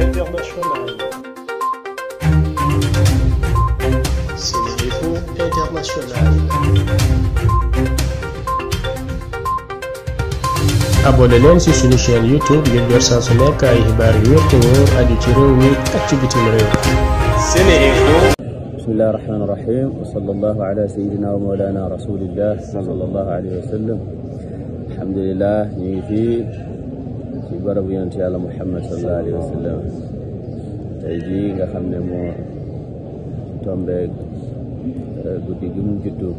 internationale. Sénérinfo International. abonné leen ci suñu chaîne YouTube ngir jot saa su nekk ay xibaar yu wér te wóor aju ci réew mi ak ci bitim réew. Sénérinfo. bismillahi rahmaani rahim wa sallallahu ala sayyidina wa mawlana rasulillah sallallahu alayhi wa sallam alhamdulillah ñu ngi fii. barabu yonent yàlla muhammad sallallahu alayhi wa sallam tey jii nga xam ne moo tombeeg euh, guddi gi mu juddu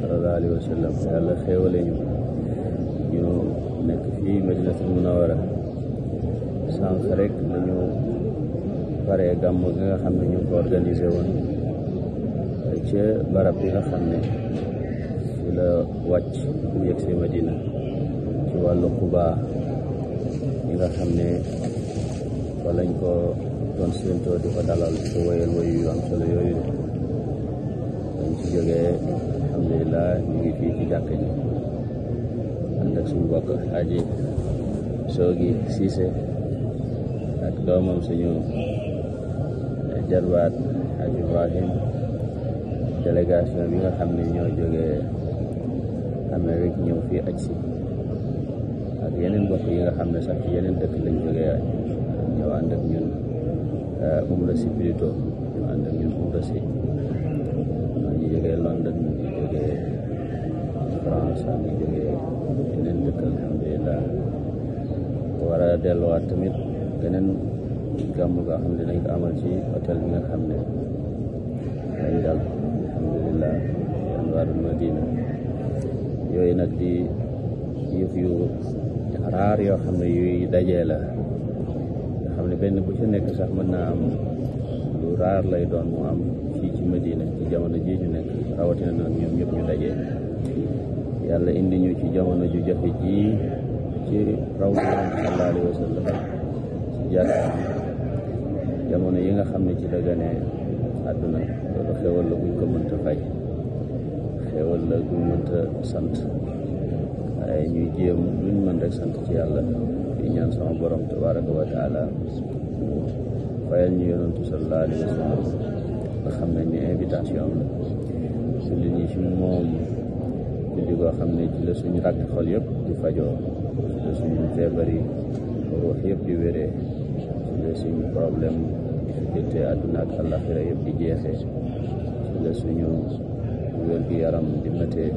sallallahu alayhi wa sallam yàlla xéewale ñu ñu nekk fii madinatul munawara sànq rek nañu paree gàmm gi nga xam ne ñu ko organisé woon euh, ci barab bi nga xam ne fi la wàcc bu yegg si ci wàllu xubaa ñi nga xam ne fa lañ ko doon séentoo di ko dalal di ko wéyal wayu am solo yooyu de dañ ci jógee alhamdulilah ñu ngi fii ci jàkk ji ànd ak suñu mbokk aji soogi siise ak doomam suñu jarbaat ak Ibrahim délégation bi nga xam ni ñoo jógee Amérique ñëw fii aj si ak yeneen mbokk yi nga xam ne sax ci yeneen dëkk lañ jógee ñëw euh, ànd ak ñun umra si plutôt ñëw ànd ak ñun umra si ñu jógee London ñu jógee France ñu jógee yeneen dëkk alhamdulilah war a delluwaat tamit geneen gàmm nga xam ne dañ ko amal ci hôtel bi nga xam ne dañ dal alhamdulilah Anwarul Madina yooyu raar yoo xam ne yuy daje la nga xam ne benn bu ci nekk sax mën naa am lu raar lay doon mu am fii ci Madina ci jamono jii ñu nekk rawatina nag ñoom ñëpp ñu dajee yàlla indi ñu ci jamono ju jafe ji ci raw sallallahu alayhi wa sallam ci jamono yi nga xam ne ci dagane àdduna loolu xewal la buñ ko mënta fay xewal la buñ sant jéem luñ mën rek sant ci yàlla di ñaan sama borom tabaraka wa fayal ñu yonantu sallallahu alayhi wa sallam nga xam ne ni invitation la julli ñi ci moom julli koo xam ne ci suñu rakk xol yëpp di fajoo ci la suñu feebar ruux yëpp di wéree ci la suñu problème diggante àdduna ak àllaxira yëpp di jeexee suñu wér gi yaram di matee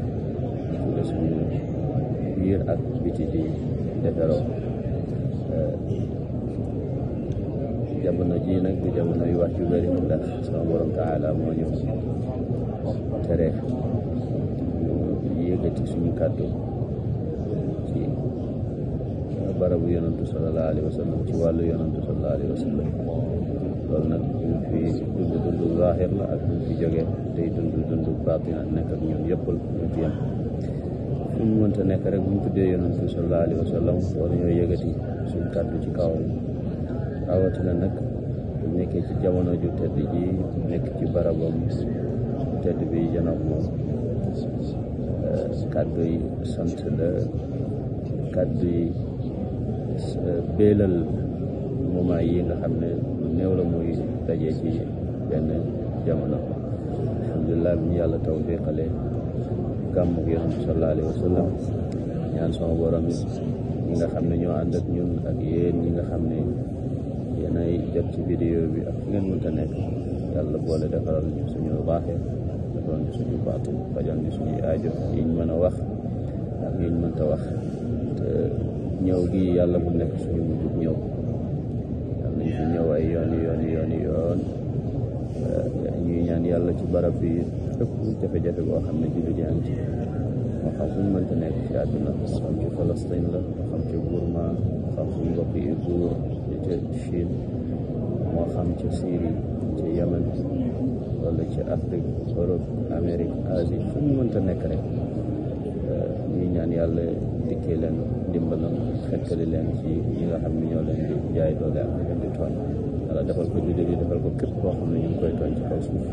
ci suñu biir ak biti deferoo eh, jamono ji nag bu jamono yu wax ju bëri ndax sama borom taala moo ñu tere ñu yëkkati suñu kàddu barabu yonantu sallallahu alayhi wa ci wàllu yonantu sallallahu alayhi wa loolu nag ñu fi dund dund zahir la ak ñu fi jóge tey dund dund baatin nekk ak ñun ñu ci fu mu mënta nekk rek bu ñu tuddee yonent bi sallallahu alayhi ñoo yëgati suñ kàddu ci kawam rawatina nag nekkee ci jamono ju tedd ji nekk ci barabam tedd bi janox moom kàddu yi sant la kàddu yi béelal moment yi nga xam ne lu néew la muy dajee ci benn jamono alhamdulilah bi ñu yàlla tawfiqale gàmmu gi yonent sallallahu alayhi wa sallam ñaan sama borom ñi nga xam ne ñoo ànd ak ñun ak yéen ñi nga xam ne yéenay jot ci vidéo bi ak fu ngeen mënta nekk yàlla boole defaral ñu suñu baaxee defaral ñu suñu baatu fajal ñu suñuy aajo yiñ mën a wax ak yiñ mënta wax te ñëw gi yàlla bu nekk suñu mujj ñëw yàlla nañ fi ñëw ay yoon yoon yoon yoon ñaan yàlla ci barab bi fépp jafe ja boo xam ne jullit yaa ci moo xam fu mu mënta nekk ci àdduna xam ci Palestine la moo xam ci Burma moo xam suñu mbokk yi buur ci Chine moo xam ci Syrie ci Yemen wala ci Afrique Europe Amérique Asie fu mu mënta nekk rek euh, ñuy ñaan yàlla dikkee leen ndimbalam xettali leen ci ñi nga xam ne ñoo leen di jaay doole ak leen di tooñ yàlla defal ko jullit yi defal ko képp koo xam ne ñu ngi koy tooñ ci kaw suuf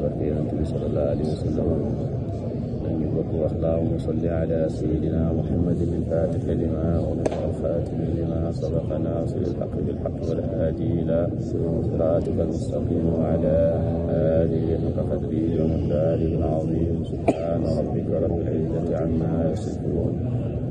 barke yonente bi sallallahu alayhi wa sallam dañu bokk wax allahuma salli ala sayidina muhammadin alfatixi lima umiqa alxaatimi lima sabaqa nasiri alxaqi bilxaq walhaadi ila siraatika almustaqim wa ala alihi xaqa qadrihi wa miqdaarihi alazim subhana rabbika rabbil izzati amma yasifun